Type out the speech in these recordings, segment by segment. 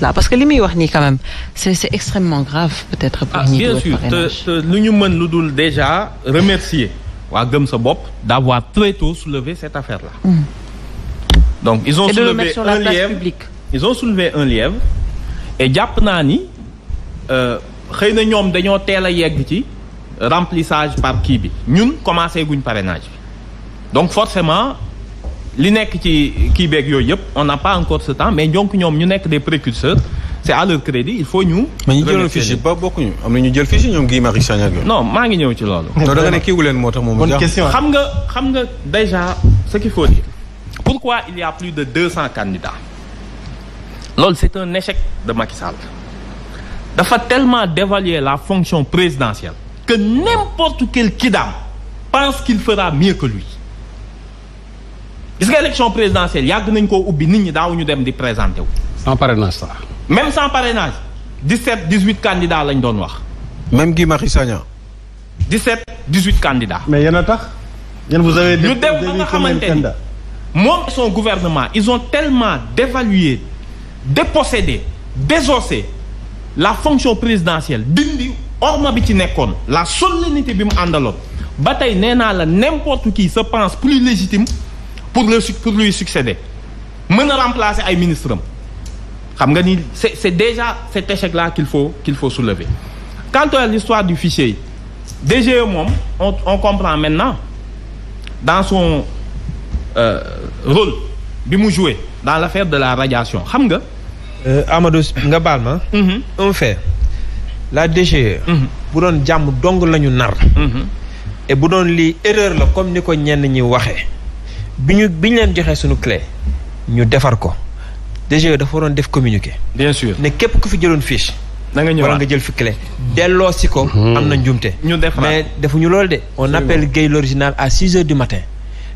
là parce que les miroirs wax quand même c'est extrêmement grave peut-être. Ah, bien sûr nous ñu déjà remercier Wagam Gëm d'avoir très tôt soulevé cette affaire là. Mm. donc ils ont soulevé un lièvre ils ont soulevé un lièvre et japp na ni euh xeyna ñom dañoo yegg ci remplissage par qui bi ñun commencé guñ parrainage donc forcément li qui ci kii beeg on n'a pas encore ce temps mais donc ñoom ñu nekk des précurseurs c'est à leur crédit il faut ñu. mais nous jëloon le yi ba beaucoup. am na ñu jël fiche yi ñoom Guy Marius non maa ngi ñëw ci loolu. non da nga ne kiiwu leen moo bonne question xam nga xam nga déjà ce qu'il faut dire pourquoi il y a plus de 200 candidats loolu c'est un échec de Macky Sall dafa tellement dévaluer la fonction présidentielle que n'importe quel kidam pense qu'il fera mieux que lui gis élection présidentielle il y a nit ñi dem di sans parrainage ça. même sans parrainage 17 18 candidats lañ même Guy marie 17 18 candidats. mais en a tax. yéen vous avez. ñu dem ba nga son gouvernement ils ont tellement dévalué dépossédé désossé la fonction présidentielle dindi bi ci la solennité bi mu àndaloon la n'importe qui se pense plus légitime pour lui succéder Je vais remplacer un ministres c'est déjà cet échec là qu'il faut qu'il faut soulever quant à l'histoire du fichier DGE on comprend maintenant dans son euh, rôle bi jouer dans l'affaire de la radiation xam euh, Amadou nga mm-hmm. un fait la DGE. pour un jàmm dong mm-hmm. et pour doon erreur comme nous connaissons. ñenn ñi bi ñu bi ñu leen joxee suñu clé ñu defar ko DGE dafa waroon def communiqué. bien sûr ne képp ku fi jëloon fiche. na nga ñëwaat wala nga jël fi clé. delloo si ko. Mhm. am na njuumte. ñu defaraat mais defuñu loolu de. on appelle Guèye l'original à 6 h du matin.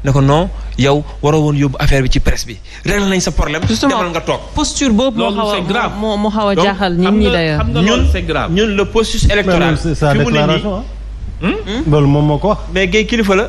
ne ko non yow waro won yóbbu affaire bi ci presse bi réglé nañ sa problème. demal nga tok. posture boobu mo xawa a mo xawa xaw jaaxal nit ñi d'ailleurs ñun ñun le processus électoral. fi mu ne nii hein. hmm? loolu moom moo ko wax. mais Guèye kilifa la.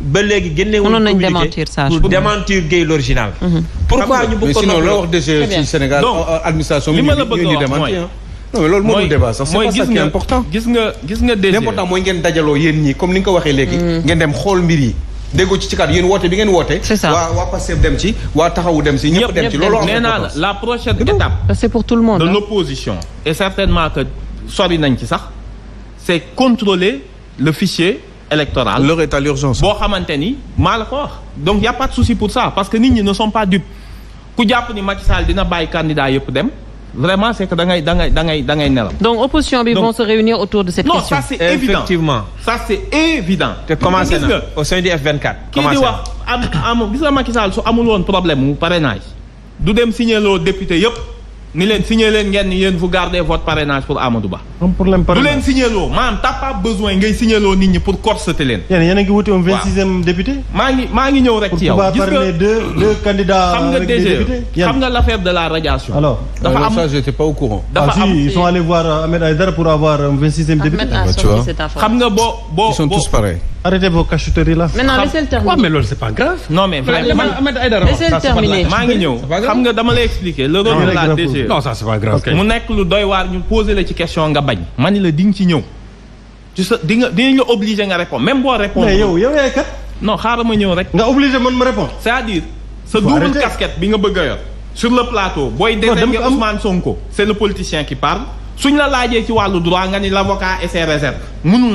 ba léegi démentir ça pour démentir Guèye l'original mhm. pourquoi ñu bëgg ko non la wax DG ci Sénégal euh, administration li ma la hein. non mais loolu moo dul débat sax c'est pas ça qui est important gis nga gis nga DG important mooy ngeen dajaloo yéen ñi comme ni nga ko waxee léegi mhm. ngeen dem xool mbir yi déggoo ci ci kat yéen woote bi ngeen woote waa waa Pastef dem ci waa taxawu dem ci ñëpp dem ci loolu nee naa la la prochaine étape c'est pour tout le monde de hein. l'opposition et certainement que sori nañ ci sax c'est contrôler le fichier électorale. L'heure est à l'urgence. Bon, xamante mal maa Donc, il y' a pas de souci pour ça parce que nit ne sont pas dupes ku jàpp ni Macky Sall dina bàyyi candidat vraiment c'est que da donc opposition bi vont se réunir autour de cette question. non ça c'est évident effectivement ça c'est évident. Comment c'est là? au sein du F24. kii di wax am am gis nga Macky Sall su amul woon problème mu parrainage du dem signer loo député yëpp ni leen signé leen vous gardez votre parrainage pour Amadou Un problème problème du leen signéloo maanaam t'as pas besoin ngay signéloo nit ñi pour corseter Il y yéen a un wuti woon vingt député. maa ngi maa ngi ñëw rek ci yow. pour deux deux candidats. xam nga e, xam nga l'affaire de la radiation. alors dafa am ça j'étais pas au courant. dafa ah, am ils sont allés voir euh, Ahmed Aïdara pour avoir un euh, 26 sixième député. Ah, xam nga Bo, bo, ils sont tous pareils. Arrêtez vos cacheteries là. non, laissez-le terminer. mais c'est pas grave. Non, mais vraiment. Laissez-le terminer. maa ngi dama expliquer. le de la non ça c'est pas grave. mu nekk lu doy war ñu poser ci nga bañ. ci tu sais dinga répondre même répondre. mais yow yow non ñew rek. nga obligé man répondre. c'est-à-dire Ce double casquette bi nga bëgg sur le plateau boy vous Ousmane Sonko. c'est le politicien qui parle suñ la lajé ci walu droit nga ni l'avocat et ses réserves Munu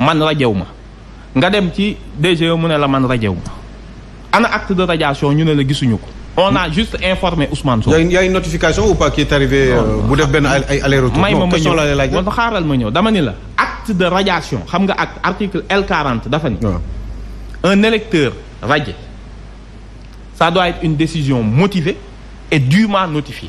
man rajew nga dem ci DGE mu ne la man rajew ana acte de radiation ñu ne la gisuñu ko. on a juste informé Ousmane Il y' a une notification ou pas qui est arrivé euh, bu def ben aller retour. ma ma xaaral ma dama ni la. acte de radiation xam nga acte article L40 dafa ni. un électeur radié ça doit être une décision motivée et dûment notifiée.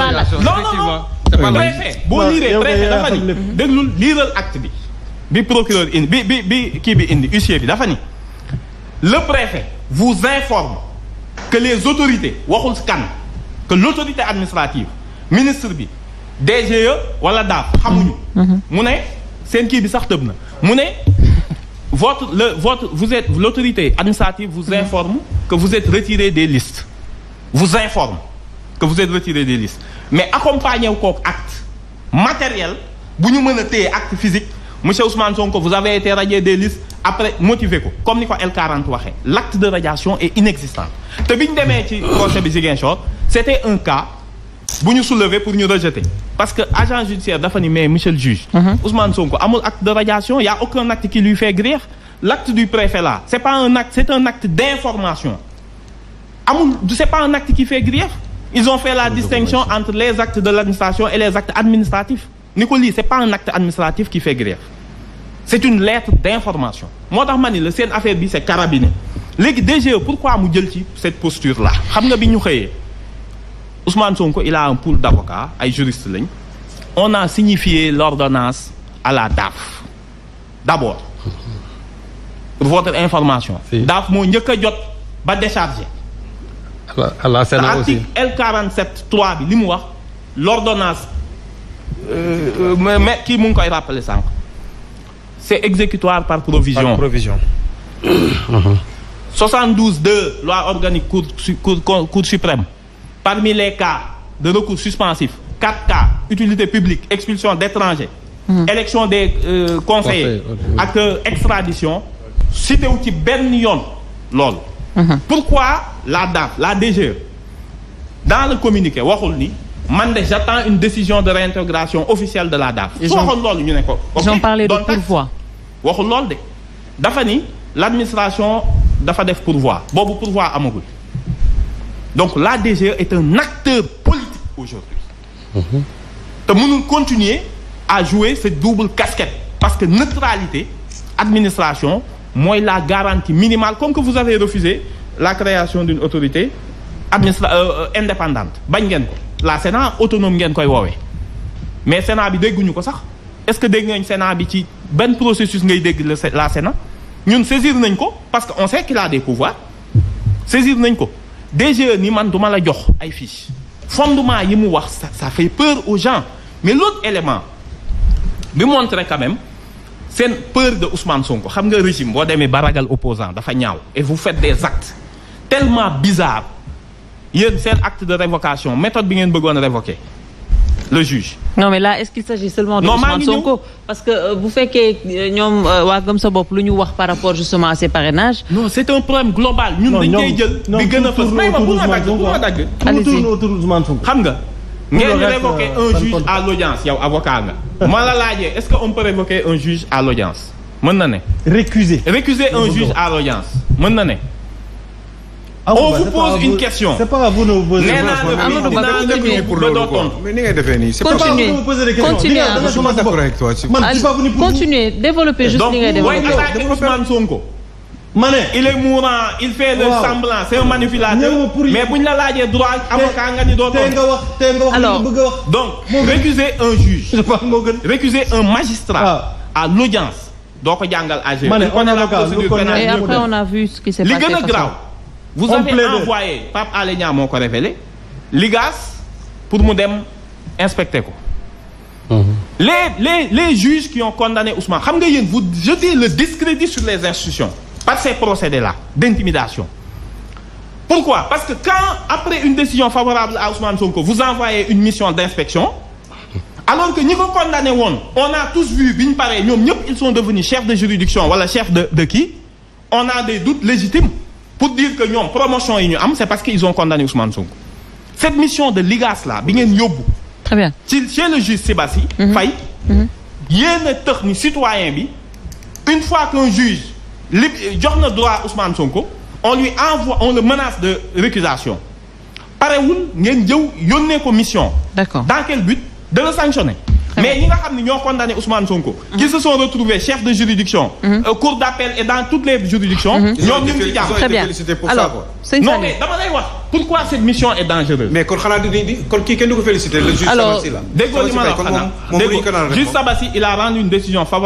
non non préfet préfet le préfet vous informe que les autorités que l'autorité administrative ministre DGE wala DAF le mm-hmm. votre le votre vous êtes l'autorité administrative vous mm-hmm. informe que vous êtes retiré des listes vous informe que vous êtes retiré des listes mais accompagné encore acte matériel vous nous mën acte physique monsieur Ousmane Sonko vous avez été radié des listes après motivé vous comme ni ko L40 l'acte de radiation est inexistant te un cas Vous nous soulever pour nous rejeter parce que agent judiciaire dafani mais le juge mhm. Ousmane Sonko amul acte de radiation il y' a aucun acte qui lui fait grief L'acte du préfet là ce n'est pas un acte c'est un acte d'information. Ce n'est pas un acte qui fait grief ils ont fait la distinction entre les actes de l'administration et les actes administratifs. Nicolas, ce n'est pas un acte administratif qui fait grève. C'est une lettre d'information. Moi, dans le CN affaire c'est carabiné. Les DGE, pourquoi nous cette posture-là Ousmane Sonko, il a un pool d'avocats, un juriste. On a signifié l'ordonnance à la DAF. D'abord, Pour votre information. DAF, mon pas décharger. L'article L47 3 l'ordonnance euh, euh, mais qui rappelé ça c'est exécutoire par provision 72 2 loi organique cour suprême parmi les cas de recours suspensif 4 cas utilité publique expulsion d'étrangers hmm. élection des euh, conseillers Acte extradition cité outil ci L'ordre Mhm. Pourquoi la DAF, la DGE, dans le communiqué, j'attends une décision de réintégration officielle de la DAF. Ils ont parlé de pourvoi. Dafani, l'administration d'Afadef pourvoi. vous pourvoi à Donc la DGE est un acteur politique aujourd'hui. Nous mhm. continuons continuer à jouer cette double casquette. Parce que neutralité, administration, moi la garantie minimale, comme que vous avez refusé la création d'une autorité euh, indépendante. La Sénat autonome Mais le Sénat, est-ce que le Sénat a ben processus la Sénat Nous saisir parce qu'on sait qu'il a des pouvoirs. Saisir DGE ni man duma la jox ay fiche fondement yi ça fait peur aux gens mais l'autre élément vous montrer quand même une peur de Ousmane Sonko xam le régime vous avez ba opposant et vous faites des actes tellement bizarres Il y a un acte de révocation méthode bi ngeen de révoquer le juge. non mais là est-ce qu'il s'agit seulement de Ousmane Sonko parce que euh, vous faites que nous euh, euh, Gëm sa par rapport justement à ces parrainages. non c'est un problème global. Nous, dañ koy jël. bi nous ma ma mais révoquer euh, un juge à l'audience est-ce qu'on peut révoquer un juge à l'audience récuser un juge à l'audience ah bah, vous pose une question c'est pas à vous poser continuez développez juste il est mourant il fait le semblant c'est un manipulateur mais pour la droit avocat ni donc un juge récuser un magistrat à l'audience Donc, et après on a vu ce qui s'est passé vous avez envoyé Pape Alénia à révélé pour nous inspecter mhm. les juges qui ont condamné Ousmane je dis le discrédit sur les institutions ces procédés-là d'intimidation. Pourquoi Parce que quand, après une décision favorable à Ousmane Sonko, vous envoyez une mission d'inspection, alors que niveau condamné on a tous vu, pareil, ils sont devenus chefs de juridiction, voilà, chef de, qui On a des doutes légitimes pour dire que nous, promotion et c'est parce qu'ils ont condamné Ousmane Sonko. Cette mission de l'IGAS là, Très bien. Chez le juge Sébastien, mm -hmm. est mm citoyen, une fois qu'un juge li droit Ousmane Sonko on lui envoie on le menace de récusation parewul ngeen y a ko commission. d'accord dans quel but de le sanctionner. mais ñi nga condamné Ousmane Sonko. Mhm. qui se sont retrouvés chefs de juridiction. Mhm. Euh, cour d'appel et dans toutes les juridictions. Mhm. ñoom ñu très bien alors non mais pourquoi cette mission est dangereuse. mais quand on a dit kon nous félicite, féliciter. le juge Sabassi là. juge Sabassi il a rendu une décision favorable.